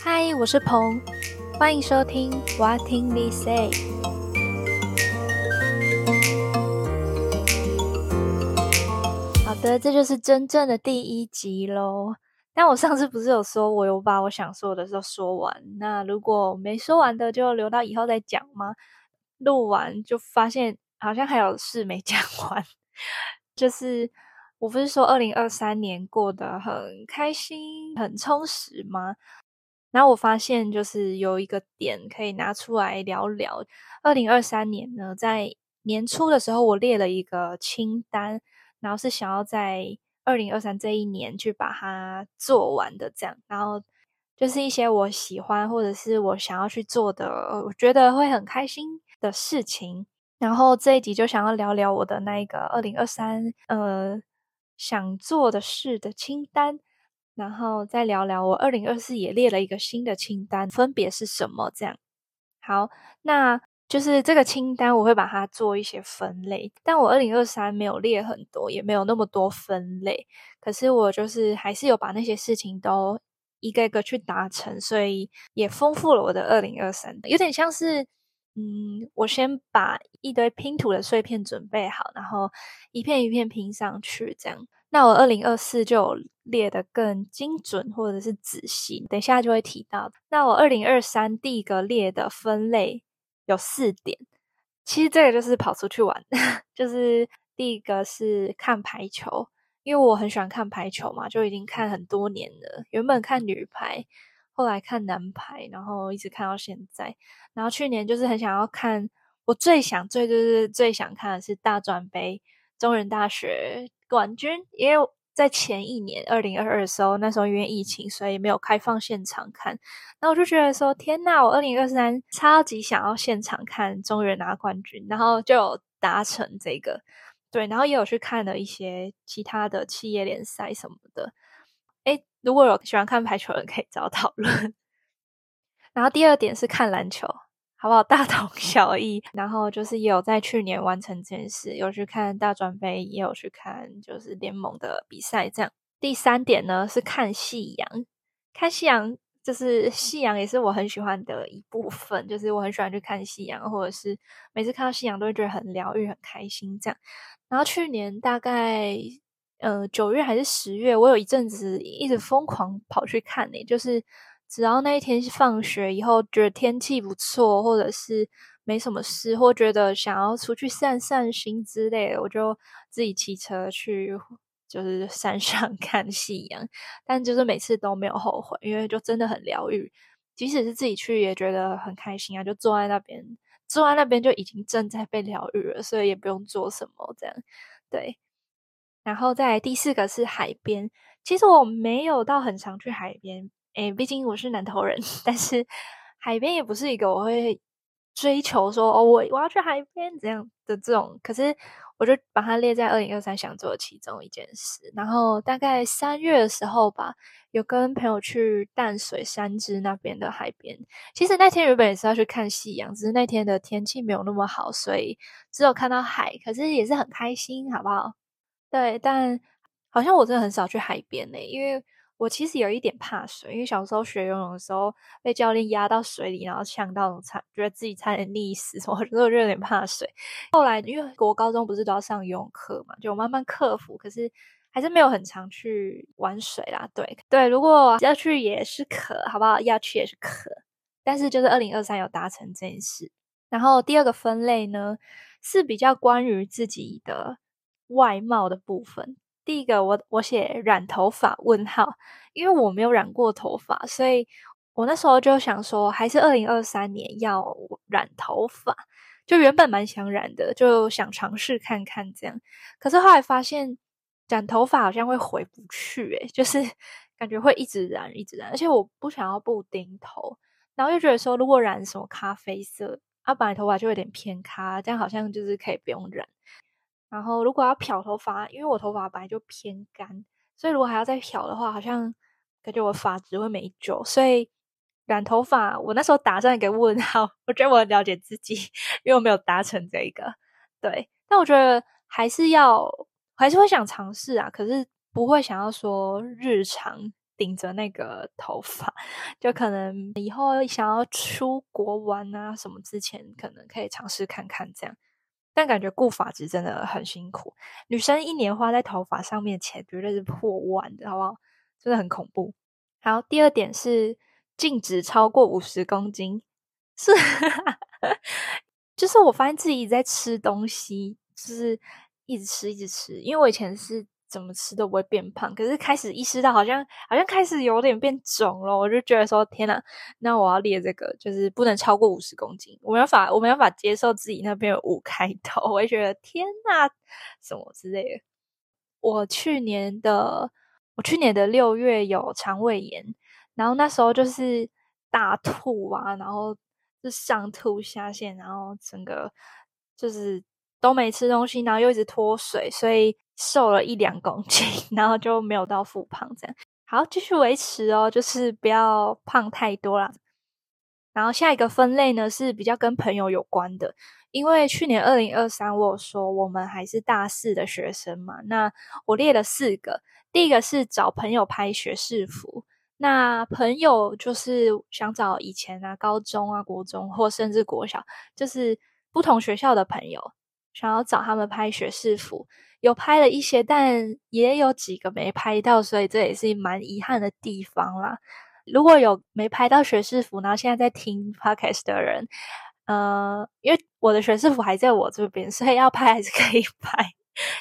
嗨，Hi, 我是彭，歡迎收聽《我聽你 Say》。好的，這就是真正的第一集嘍。但我上次不是有說，我有把我想說的都說完，那如果沒說完的就留到以後再講嗎？錄完就發現好像還有事沒講完，就是我不是說二零二三年過得很開心、很充實嗎？然後我發現，就是有一個點可以拿出來聊聊。二零二三年呢，在年初的時候，我列了一個清單，然後是想要在二零二三這一年去把它做完的。這樣，然後就是一些我喜歡或者是我想要去做的，我覺得會很開心的事情。然後這一集就想要聊聊我的那一個二零二三，呃，想做的事的清單。然後再聊聊，我二零二四也列了一個新的清單，分別是什麼這樣？好，那就是這個清單，我會把它做一些分類。但我二零二三沒有列很多，也沒有那麼多分類，可是我就是還是有把那些事情都一個一個去達成，所以也豐富了我的二零二三。有點像是，嗯，我先把一堆拼圖的碎片準備好，然後一片一片拼上去，這樣。那我二零二四就有列得更精準或者是仔細，等一下就會提到。那我二零二三第一個列的分類有四點，其實這個就是跑出去玩，就是第一個是看排球，因為我很喜歡看排球嘛，就已經看很多年了。原本看女排，後來看男排，然後一直看到現在。然後去年就是很想要看，我最想最就是最想看的是大專盃，中人大學。冠軍也有在前一年二零二二的時候，那時候因為疫情，所以沒有開放現場看。那我就覺得說，天吶，我二零二三超級想要現場看中原拿冠軍，然後就有達成這個對，然後也有去看了一些其他的企業聯賽什麼的。誒，如果有喜歡看排球的人可以找我討論。然後第二點是看籃球。好不好？大同小異。然後就是也有在去年完成這件事，有去看大專盃，也有去看就是聯盟的比賽。這樣第三點呢是看夕陽，看夕陽就是夕陽也是我很喜歡的一部分，就是我很喜歡去看夕陽，或者是每次看到夕陽都會覺得很療癒、很開心。這樣，然後去年大概呃九月還是十月，我有一陣子一直瘋狂跑去看你、欸、就是。只要那一天放學以後，覺得天氣不錯，或者是沒什麼事，或覺得想要出去散散心之類的，我就自己騎車去，就是山上看夕陽，但就是每次都沒有後悔，因為就真的很療癒。即使是自己去，也覺得很開心啊。就坐在那邊，坐在那邊就已經正在被療癒了，所以也不用做什麼。這樣，對。然後再來第四個是海邊，其實我沒有到很常去海邊。誒、欸、畢竟我是南投人，但是海邊也不是一個我會追求說哦，我我要去海邊怎樣的這種。可是我就把它列在二零二三想做的其中一件事。然後大概三月的時候吧，有跟朋友去淡水三芝那邊的海邊。其實那天原本也是要去看夕陽，只是那天的天氣沒有那麼好，所以只有看到海。可是也是很開心，好不好？對，但好像我真的很少去海邊呢、欸，因為。我其實有一點怕水，因為小時候學游泳的時候，被教練壓到水裡，然後嗆到，差覺得自己差點溺死，我，我就有點怕水。後來因為國高中不是都要上游泳課嘛，就慢慢克服，可是還是沒有很常去玩水啦。對對，如果要去也是可，好不好？要去也是可，但是就是二零二三有達成這件事。然後第二個分類呢，是比較關於自己的外貌的部分。第一個我我寫染頭髮問號，因為我沒有染過頭髮，所以我那時候就想說，還是二零二三年要染頭髮，就原本蠻想染的，就想嘗試看看這樣。可是後來發現染頭髮好像會回不去，欸，哎，就是感覺會一直染一直染，而且我不想要布丁頭，然後又覺得說，如果染什麼咖啡色，啊白頭髮就有點偏咖，這樣好像就是可以不用染。然後，如果要漂頭髮，因為我頭髮本來就偏乾，所以如果還要再漂的話，好像感覺我髮質會沒救。所以染頭髮，我那時候打算給問號，我覺得很我了解自己，因為我沒有達成這一個。對，但我覺得還是要還是會想嘗試啊，可是不會想要說日常頂着那個頭髮，就可能以後想要出國玩啊什麼之前，可能可以嘗試看看這樣。但感覺護髮是真的很辛苦，女生一年花在頭髮上面錢絕對是破萬的，好不好？真的很恐怖。好，第二點是淨值超過五十公斤，是， 就是我發現自己一直在吃東西，就是一直吃，一直吃，因為我以前是。怎麼吃都不會變胖，可是開始意識到好像好像開始有點變腫了，我就覺得說天吶，那我要列這個，就是不能超過五十公斤，我沒有法我沒有法接受自己那邊有五開頭，我會覺得天吶，什麼之類的。我去年的我去年的六月有腸胃炎，然後那時候就是大吐啊，然後就上吐下瀉，然後整個就是都沒吃東西，然後又一直脫水，所以。瘦了一兩公斤，然後就沒有到復胖這樣。好，繼續維持哦，就是不要胖太多啦。然後下一個分類呢是比較跟朋友有關的，因為去年二零二三我有說我們還是大四的學生嘛，那我列了四個。第一個是找朋友拍學士服，那朋友就是想找以前啊高中啊國中或甚至國小，就是不同學校的朋友。想要找他們拍學士服，有拍了一些，但也有幾個沒拍到，所以這也是蠻遺憾的地方啦。如果有沒拍到學士服，然後現在在聽 Podcast 的人，呃，因為我的學士服還在我這邊，所以要拍還是可以拍，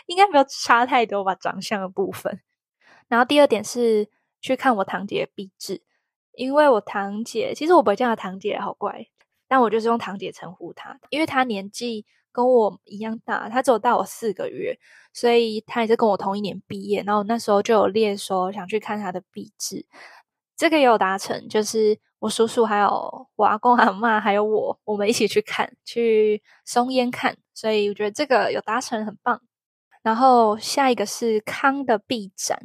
應該沒有差太多吧，長相的部分。然後第二點是去看我堂姐的壁紙，因為我堂姐其實我不叫他堂姐，好怪，但我就是用堂姐稱呼她，因為她年紀。跟我一樣大，他只有大我四個月，所以他也是跟我同一年畢業。然後那時候就有列說想去看他的畢製，這個也有達成，就是我叔叔還有我阿公阿媽還有我，我們一起去看，去松煙看。所以我覺得這個有達成很棒。然後下一個是康的畢展，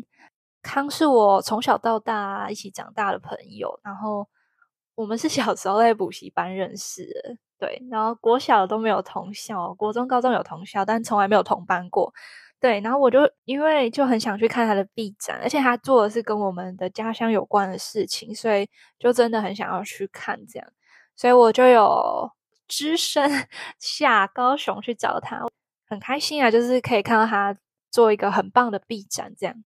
康是我從小到大一起長大的朋友，然後我們是小時候在補習班認識的。對，然後國小的都沒有同校，國中、高中有同校，但從來沒有同班過。對，然後我就因為就很想去看他的畢展，而且他做的是跟我們的家鄉有關的事情，所以就真的很想要去看。這樣，所以我就有只身下高雄去找他，很開心啊！就是可以看到他做一個很棒的畢展，這樣。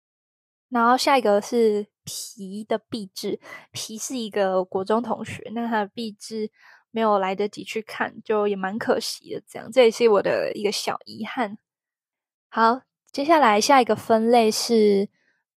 然後下一個是皮的畢製，皮是一個國中同學，那他的畢製。沒有來得及去看，就也蠻可惜的。這樣，這也是我的一個小遺憾。好，接下來下一個分類是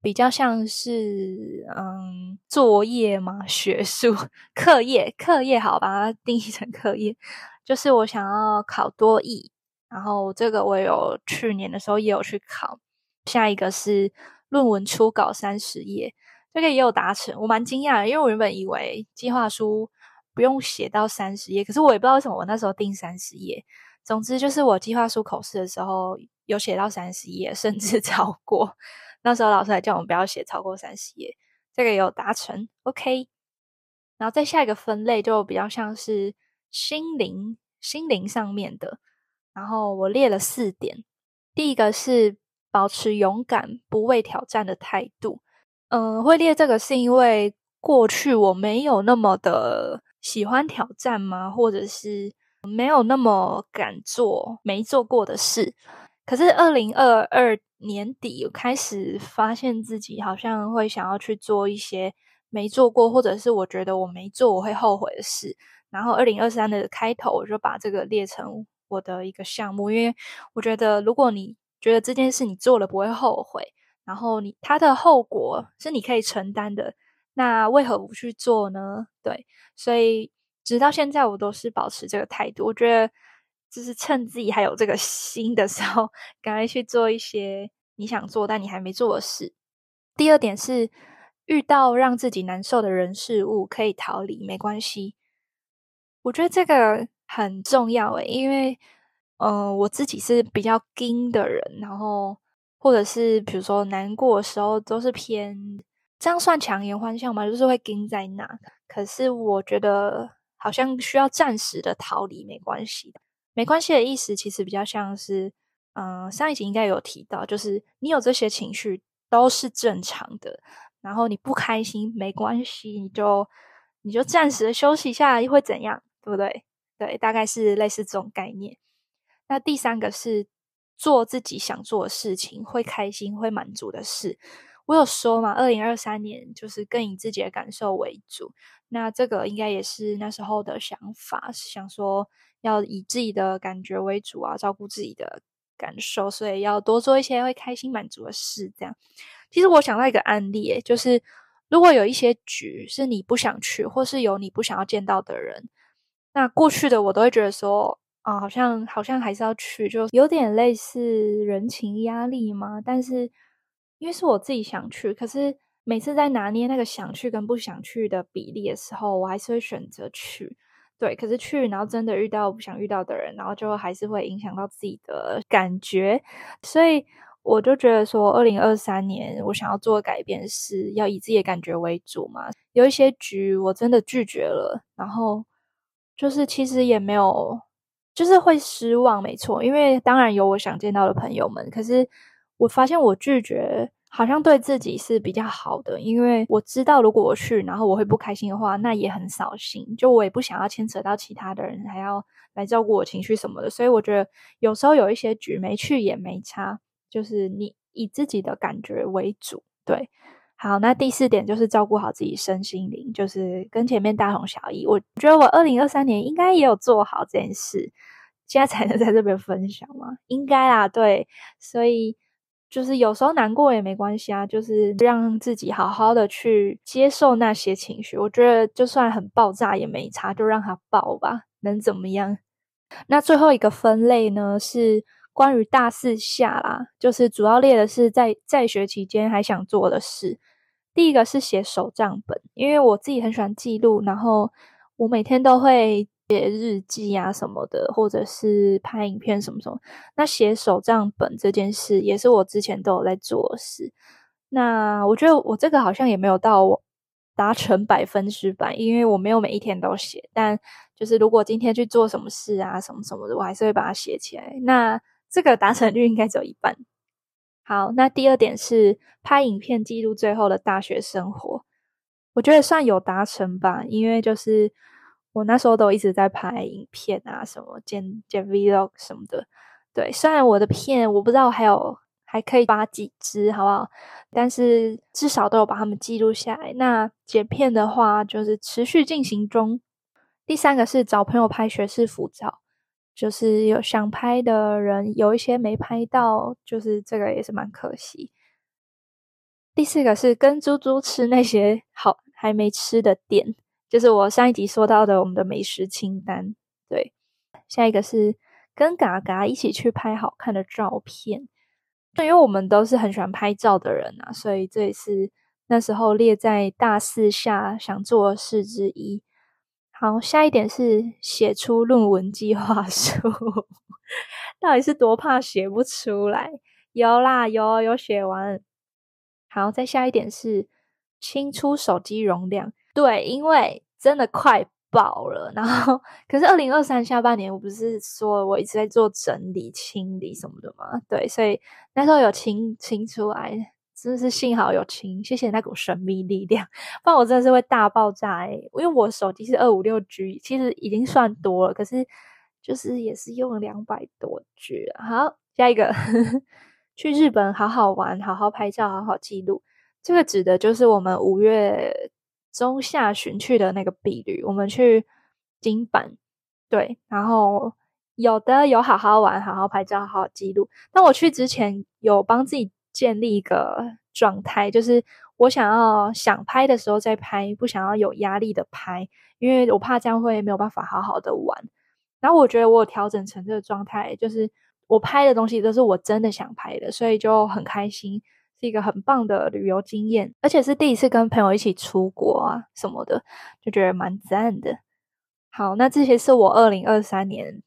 比較像是嗯，作業嘛，學術課業，課業，好，把它定義成課業。就是我想要考多益，然後這個我有去年的時候也有去考。下一個是論文初稿三十頁，這個也有達成，我蠻驚訝的，因為我原本以為計劃書。不用寫到三十頁，可是我也不知道為什麼我那時候定三十頁。總之就是我計劃書口試的時候有寫到三十頁，甚至超過。那時候老師還叫我們不要寫超過三十頁。這個有達成。OK。然後再下一個分類就比較像是心靈、心靈上面的，然後我列了四點。第一個是保持勇敢、不畏挑戰的態度。嗯，會列這個是因為過去我沒有那麼的。喜歡挑戰嗎？或者是沒有那麼敢做沒做過的事？可是二零二二年底我開始發現自己好像會想要去做一些沒做過，或者是我覺得我沒做我會後悔的事。然後二零二三的開頭，我就把這個列成我的一個項目，因為我覺得如果你覺得這件事你做了不會後悔，然後你它的後果是你可以承擔的。那為何不去做呢？對，所以直到現在我都是保持這個態度。我覺得就是趁自己還有這個心的時候，趕快去做一些你想做但你還沒做的事。第二點是，遇到讓自己難受的人事物，可以逃離，沒關係。我覺得這個很重要誒、欸，因為嗯、呃、我自己是比較 ㄍ 的人，然後或者是比如說難過的時候，都是偏。這樣算強顏歡笑嗎？就是會跟在那，可是我覺得好像需要暫時的逃離，沒關係的。沒關係的意思其實比較像是，嗯、呃，上一集應該有提到，就是你有這些情緒都是正常的，然後你不開心沒關係，你就你就暫時的休息一下，又會怎樣？對不對？對，大概是類似這種概念。那第三個是做自己想做的事情，會開心、會滿足的事。我有說嘛，二零二三年就是更以自己的感受為主。那這個應該也是那時候的想法，是想說要以自己的感覺為主啊，照顧自己的感受，所以要多做一些會開心滿足的事。這樣，其實我想到一個案例，就是如果有一些局是你不想去，或是有你不想要見到的人，那過去的我都會覺得說，啊，好像好像還是要去，就有點類似人情壓力嘛，但是。因為是我自己想去，可是每次在拿捏那個想去跟不想去的比例的時候，我還是會選擇去。對，可是去，然後真的遇到不想遇到的人，然後就還是會影響到自己的感覺。所以我就覺得說，二零二三年我想要做的改變是要以自己的感覺為主嘛。有一些局我真的拒絕了，然後就是其實也沒有，就是會失望，沒錯。因為當然有我想見到的朋友們，可是。我發現我拒絕好像對自己是比較好的，因為我知道如果我去，然後我會不開心的話，那也很掃興。就我也不想要牽扯到其他的人，還要來照顧我情緒什麼的。所以我覺得有時候有一些局沒去也沒差，就是你以自己的感覺為主。對，好，那第四點就是照顧好自己身心靈，就是跟前面大同小異。我覺得我二零二三年應該也有做好這件事，現在才能在這邊分享嗎？應該啦，對，所以。就是有時候難過也沒關係啊，就是讓自己好好的去接受那些情緒。我覺得就算很爆炸也沒差，就讓它爆吧，能怎麼樣？那最後一個分類呢，是關於大四下啦，就是主要列的是在在學期間還想做的事。第一個是寫手帳本，因為我自己很喜歡記錄，然後我每天都會。寫日記啊什麼的，或者是拍影片，什麼什麼。那寫手賬本這件事也是我之前都有在做的事。那我覺得我這個好像也沒有到我達成百分之百，因為我沒有每一天都寫。但就是如果今天去做什麼事啊什麼什麼的，我還是會把它寫起來。那這個達成率應該只有一半。好，那第二點是拍影片記錄最後的大學生活，我覺得算有達成吧，因為就是。我那時候都一直在拍影片啊，什麼剪剪 vlog 什麼的。對，雖然我的片我不知道還有還可以發幾支，好不好？但是至少都有把它們記錄下來。那剪片的話，就是持續進行中。第三個是找朋友拍學士服照，就是有想拍的人，有一些沒拍到，就是這個也是蠻可惜。第四個是跟豬豬吃那些好還沒吃的店。就是我上一集說到的我們的美食清單，對，下一個是跟嘎嘎一起去拍好看的照片，對，因為我們都是很喜歡拍照的人啊，所以這也是那時候列在大四下想做的事之一。好，下一點是寫出論文計劃書， 到底是多怕寫不出來？有啦，有有寫完。好，再下一點是清出手機容量。對，因為真的快爆了，然後可是二零二三下半年，我不是說我一直在做整理、清理什麼的嘛？對，所以那時候有清清出來，真的是幸好有清，謝謝那股神秘力量，不然我真的是會大爆炸欸。因為我手機是二五六 G，其實已經算多了，可是就是也是用了兩百多 G。好，下一個 去日本好好玩，好好拍照，好好記錄。這個指的就是我們五月。中下旬去的那個畢旅，我們去金本，對，然後有的有好好玩，好好拍照，好好記錄。但我去之前有幫自己建立一個狀態，就是我想要想拍的時候再拍，不想要有壓力的拍，因為我怕這樣會沒有辦法好好的玩。然後我覺得我有調整成這個狀態，就是我拍的東西都是我真的想拍的，所以就很開心。是一個很棒的旅遊經驗，而且是第一次跟朋友一起出國啊什麼的，就覺得蠻讚的。好，那這些是我二零二三年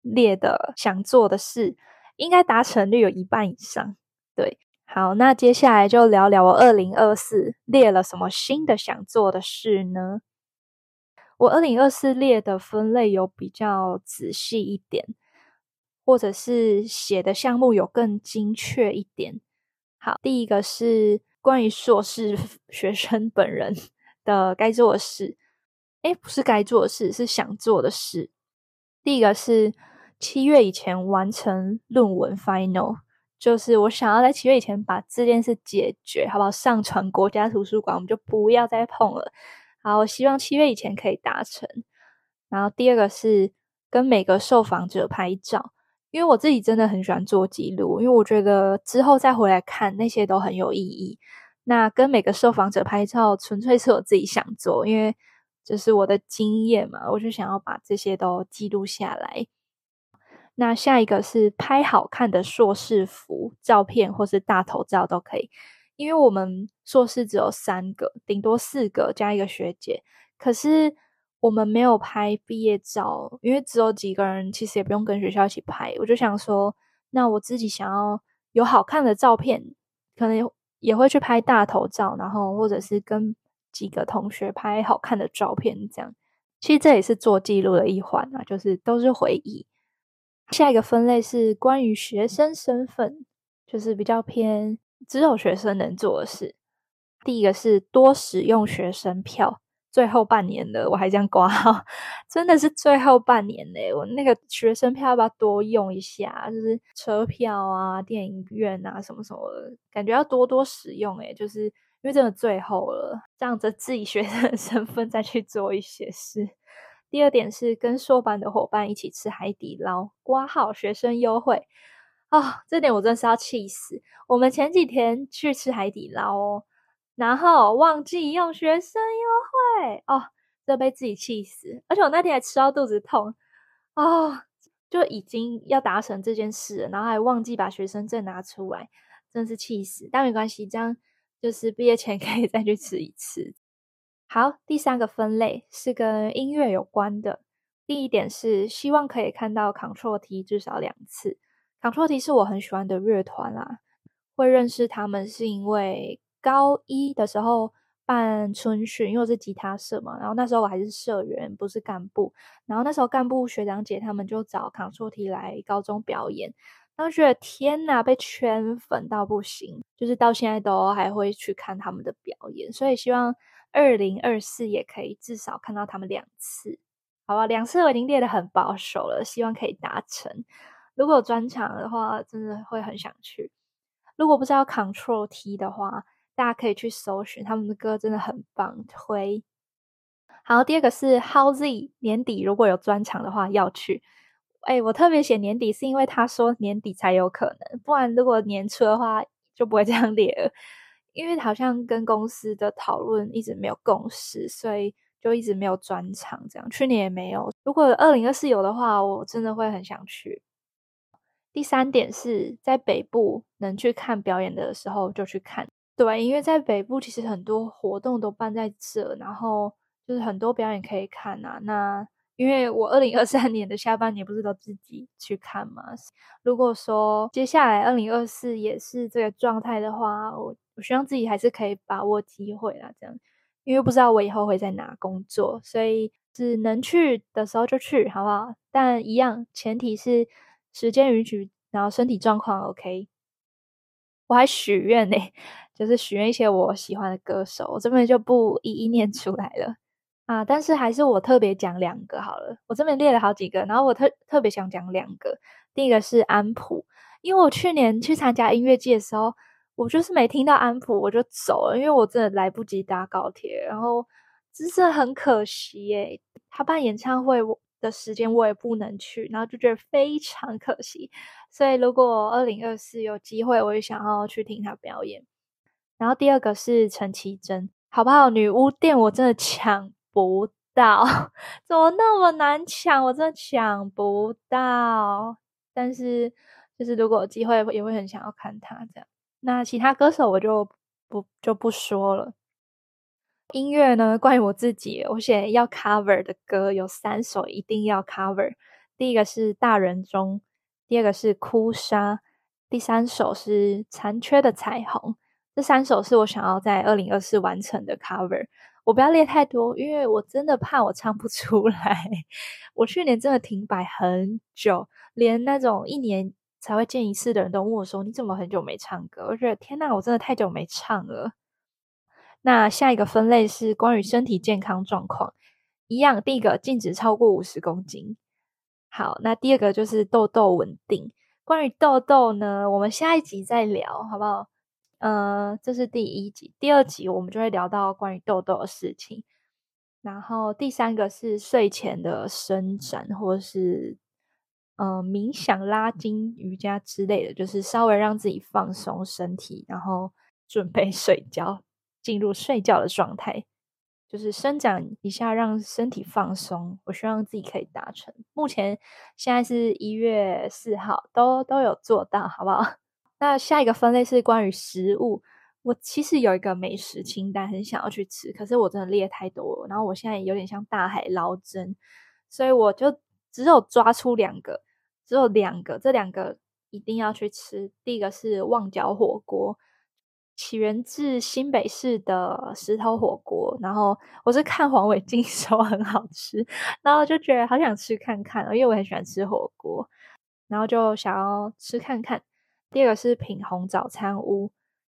列的想做的事，應該達成率有一半以上。對，好，那接下來就聊聊我二零二四列了什麼新的想做的事呢？我二零二四列的分類有比較仔細一點，或者是寫的項目有更精確一點。好，第一個是關於碩士學生本人的該做的事。欸，不是該做的事，是想做的事。第一個是七月以前完成論文 final，就是我想要在七月以前把這件事解決，好不好？上傳國家圖書館，我們就不要再碰了。好，我希望七月以前可以達成。然後第二個是跟每個受訪者拍照。因為我自己真的很喜歡做記錄，因為我覺得之後再回來看那些都很有意義。那跟每個受訪者拍照，純粹是我自己想做，因為這是我的經驗嘛，我就想要把這些都記錄下來。那下一個是拍好看的碩士服照片，或是大頭照都可以，因為我們碩士只有三個，頂多四個加一個學姐，可是。我們沒有拍畢業照，因為只有幾個人，其實也不用跟學校一起拍。我就想說，那我自己想要有好看的照片，可能也會去拍大頭照，然後或者是跟幾個同學拍好看的照片。這樣，其實這也是做記錄的一環啊，就是都是回憶。下一個分類是關於學生身份，就是比較偏只有學生能做的事。第一個是多使用學生票。最後半年了，我還這樣掛號，喔，真的是最後半年嘞、欸！我那個學生票要不要多用一下？就是車票啊、電影院啊什麼什麼的，感覺要多多使用誒、欸、就是因為真的最後了，仗着自己學生的身份再去做一些事。第二點是跟碩班的夥伴一起吃海底撈，掛號學生優惠啊、哦，這點我真的是要氣死！我們前幾天去吃海底撈哦、喔。然後忘記用學生優惠哦，這被自己氣死。而且我那天還吃到肚子痛哦，就已經要達成這件事了，然後還忘記把學生證拿出來，真是氣死。但沒關係，這樣就是畢業前可以再去吃一次。好，第三個分類是跟音樂有關的。第一點是希望可以看到《Ctrl T》至少兩次，《Ctrl T》是我很喜歡的樂團啦、啊。會認識他們是因為。高一的時候辦春訓，因為我是吉他社嘛，然後那時候我還是社員，不是幹部。然後那時候幹部學長姐他們就找 Ctrl T 來高中表演，然後覺得天吶，被圈粉到不行，就是到現在都還會去看他們的表演。所以希望二零二四也可以至少看到他們兩次，好吧？兩次我已經列得很保守了，希望可以達成。如果有專場的話，真的會很想去。如果不是要 Ctrl T 的話，大家可以去搜尋他們的歌，真的很棒。推。好，第二個是 Howz？年底如果有專場的話要去。哎、欸，我特別寫年底是因為他說年底才有可能，不然如果年初的話就不會這樣列了，因為好像跟公司的討論一直沒有共識，所以就一直沒有專場。這樣去年也沒有。如果二零二四有的話，我真的會很想去。第三點是在北部能去看表演的時候就去看。對，因為在北部其實很多活動都辦在這，然後就是很多表演可以看啊。那因為我二零二三年的下半年不是都自己去看嘛？如果說接下來二零二四也是這個狀態的話，我我希望自己還是可以把握機會啦，這樣。因為不知道我以後會在哪工作，所以只能去的時候就去，好不好？但一樣前提是時間允許，然後身體狀況 OK。我還許願呢、欸。就是許願一些我喜歡的歌手，我這邊就不一一念出來了啊。但是還是我特別講兩個好了，我這邊列了好幾個，然後我特特別想講兩個。第一個是安普，因為我去年去參加音樂節的時候，我就是沒聽到安普我就走了，因為我真的來不及搭高鐵，然後真是很可惜耶、欸。他辦演唱會我的時間我也不能去，然後就覺得非常可惜。所以如果二零二四有機會，我也想要去聽他表演。然後第二個是陳綺貞，好不好？女巫店我真的搶不到， 怎麼那麼難搶？我真的搶不到。但是就是如果有機會，也會很想要看他這樣。那其他歌手我就不就不說了。音樂呢？關於我自己，我寫要 cover 的歌有三首，一定要 cover。第一個是《大人中》，第二個是《哭砂》，第三首是《殘缺的彩虹》。這三首是我想要在二零二四完成的 cover，我不要列太多，因為我真的怕我唱不出來。我去年真的停擺很久，連那種一年才會見一次的人都問我說：“你怎麼很久沒唱歌？”我覺得天吶，我真的太久沒唱了。那下一個分類是關於身體健康狀況，一樣，第一個禁止超過五十公斤。好，那第二個就是痘痘穩定。關於痘痘呢，我們下一集再聊，好不好？呃，這是第一集，第二集我們就會聊到關於痘痘的事情。然後第三個是睡前的伸展，或者是嗯、呃、冥想、拉筋、瑜伽之類的，就是稍微讓自己放鬆身體，然後準備睡覺，進入睡覺的狀態，就是伸展一下，讓身體放鬆。我希望自己可以達成。目前現在是一月四號，都都有做到，好不好？那下一個分類是關於食物。我其實有一個美食清單，很想要去吃，可是我真的列太多了。然後我現在有點像大海撈針，所以我就只有抓出兩個，只有兩個，這兩個一定要去吃。第一個是旺角火鍋，起源自新北市的石頭火鍋。然後我是看黃偉晉說很好吃，然後就覺得好想吃看看，因為我很喜歡吃火鍋，然後就想要吃看看。第二個是品紅早餐屋，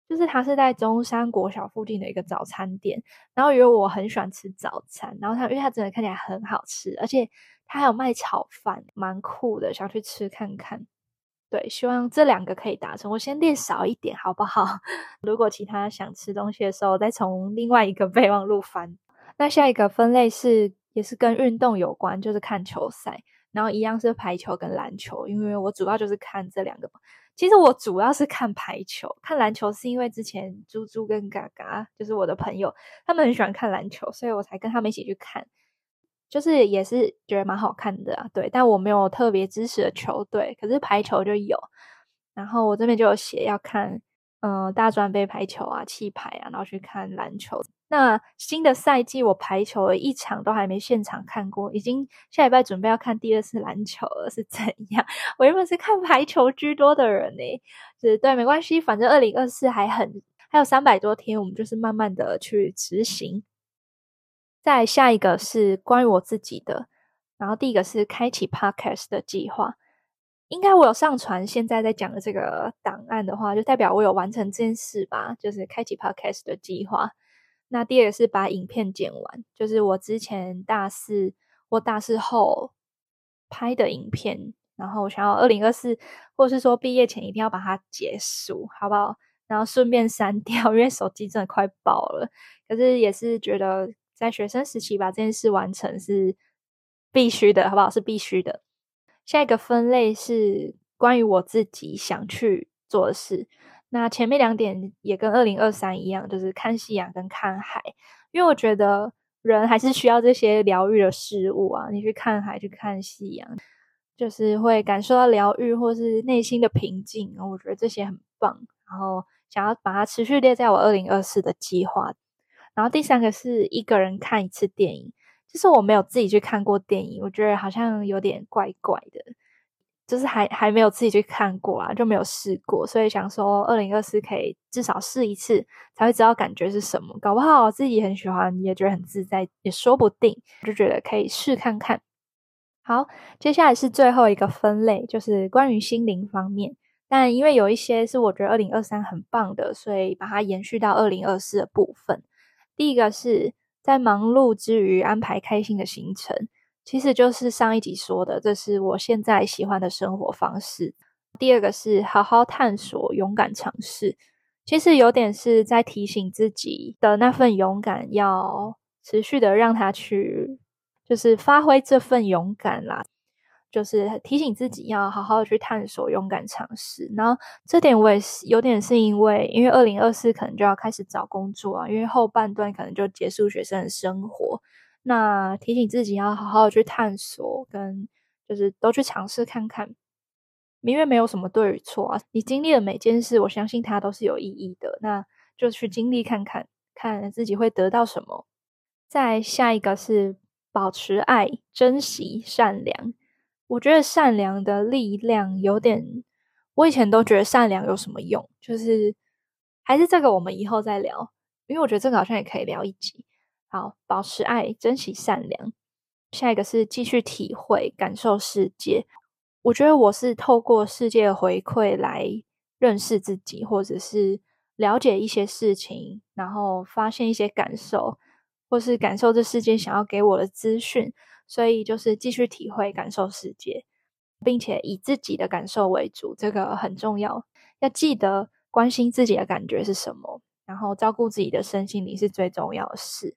就是它是在中山國小附近的一個早餐店。然後因為我很喜歡吃早餐，然後它因為它真的看起來很好吃，而且它還有賣炒飯，蠻酷的，想要去吃看看。對，希望這兩個可以達成。我先列少一點，好不好？如果其他想吃東西的時候，再從另外一個備忘錄翻。那下一個分類是，也是跟運動有關，就是看球賽。然後一樣是排球跟籃球，因為我主要就是看這兩個。其實我主要是看排球，看籃球是因為之前豬豬跟嘎嘎就是我的朋友，他們很喜歡看籃球，所以我才跟他們一起去看。就是也是覺得蠻好看的啊，對，但我沒有特別支持的球隊，可是排球就有。然後我這邊就有寫要看，嗯、呃，大專杯排球啊，氣排啊，然後去看籃球。那新的賽季，我排球一場都還沒現場看過，已經下禮拜準備要看第二次籃球了，是怎樣？我原本是看排球居多的人呢、欸，是？對，沒關係，反正二零二四還很還有三百多天，我們就是慢慢的去執行。再下一個是關於我自己的，然後第一個是開啟 podcast 的計劃，應該我有上傳現在在講的這個檔案的話，就代表我有完成這件事吧，就是開啟 podcast 的計劃。那第二個是把影片剪完，就是我之前大四或大四後拍的影片，然後我想要二零二四或是說畢業前一定要把它結束，好不好？然後順便刪掉，因為手機真的快爆了。可是也是覺得在學生時期把這件事完成是必須的，好不好？是必須的。下一個分類是關於我自己想去做的事。那前面兩點也跟二零二三一樣，就是看夕陽跟看海，因為我覺得人還是需要這些療癒的事物啊。你去看海，去看夕陽，就是會感受到療癒或是內心的平靜。我覺得這些很棒，然後想要把它持續列在我二零二四的計劃。然後第三個是一個人看一次電影，就是我沒有自己去看過電影，我覺得好像有點怪怪的。就是還還沒有自己去看過啊，就沒有試過，所以想說二零二四可以至少試一次，才會知道感覺是什麼。搞不好我自己很喜歡，也覺得很自在，也說不定。就覺得可以試看看。好，接下來是最後一個分類，就是關於心靈方面。但因為有一些是我覺得二零二三很棒的，所以把它延續到二零二四的部分。第一個是在忙碌之餘安排開心的行程。其實就是上一集說的，這是我現在喜歡的生活方式。第二個是好好探索、勇敢嘗試，其實有點是在提醒自己的那份勇敢，要持續的讓他去，就是發揮這份勇敢啦，就是提醒自己要好好去探索、勇敢嘗試。然後這點我也是有點是因為，因為二零二四可能就要開始找工作啊，因為後半段可能就結束學生的生活。那提醒自己要好好的去探索跟，跟就是都去嘗試看看，明明沒有什麼對與錯啊。你經歷的每件事，我相信它都是有意義的。那就去經歷看看，看自己會得到什麼。再下一個是保持愛、珍惜、善良。我覺得善良的力量有點，我以前都覺得善良有什麼用，就是還是這個，我們以後再聊。因為我覺得這個好像也可以聊一集。好，保持愛，珍惜善良。下一個是繼續體會、感受世界。我覺得我是透過世界的回饋來認識自己，或者是了解一些事情，然後發現一些感受，或是感受這世界想要給我的資訊。所以就是繼續體會、感受世界，並且以自己的感受為主，這個很重要。要記得關心自己的感覺是什麼，然後照顧自己的身心靈是最重要的事。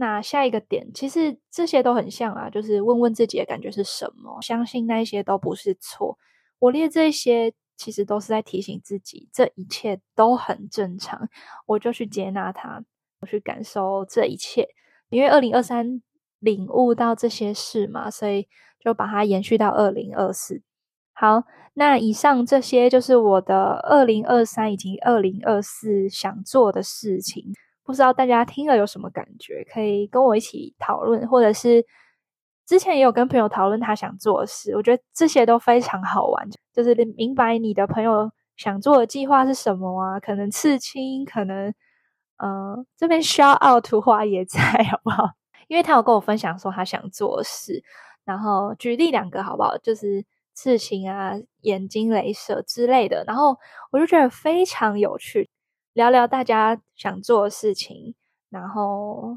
那下一個點，其實這些都很像啊，就是問問自己的感覺是什麼，相信那些都不是錯。我列這些其實都是在提醒自己，這一切都很正常，我就去接納它，我去感受這一切。因為二零二三領悟到這些事嘛，所以就把它延續到二零二四。好，那以上這些就是我的二零二三以及二零二四想做的事情。不知道大家聽了有什麼感覺？可以跟我一起討論，或者是之前也有跟朋友討論他想做的事，我覺得這些都非常好玩。就是明白你的朋友想做的計劃是什麼啊？可能刺青，可能嗯、呃，這邊 shout out 也在好不好？因為他有跟我分享說他想做事，然後舉例兩個好不好？就是刺青啊、眼睛鐳射之類的，然後我就覺得非常有趣。聊聊大家想做的事情，然後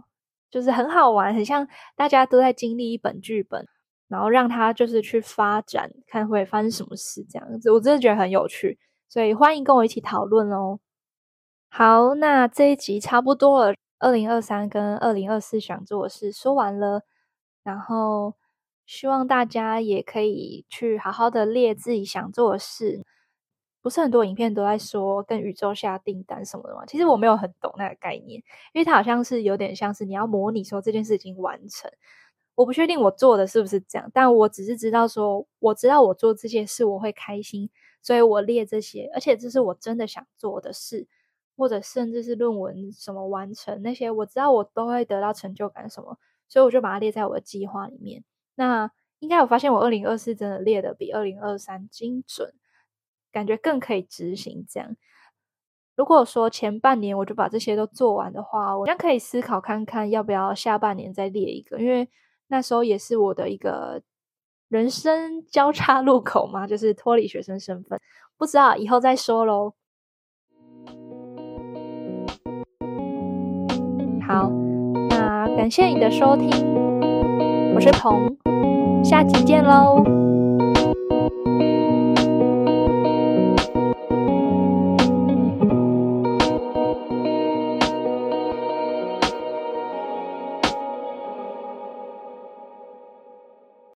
就是很好玩，很像大家都在經歷一本劇本，然後讓他就是去發展，看會發生什麼事這樣子，我真的覺得很有趣，所以歡迎跟我一起討論哦。好，那這一集差不多了，二零二三跟二零二四想做的事說完了，然後希望大家也可以去好好的列自己想做的事。不是很多影片都在說跟宇宙下訂單什麼的嘛。其實我沒有很懂那個概念，因為它好像是有點像是你要模擬說這件事已經完成。我不確定我做的是不是這樣，但我只是知道說我知道我做這件事我會開心，所以我列這些，而且這是我真的想做的事，或者甚至是論文什麼完成那些，我知道我都會得到成就感什麼，所以我就把它列在我的計劃裡面。那應該我發現我二零二四真的列的比二零二三精準。感覺更可以執行這樣。如果說前半年我就把這些都做完的話，我將可以思考看看要不要下半年再列一個，因為那時候也是我的一個人生交叉路口嘛，就是脫離學生身份，不知道以後再說嘍。好，那感謝你的收聽，我是彭，下集見嘍。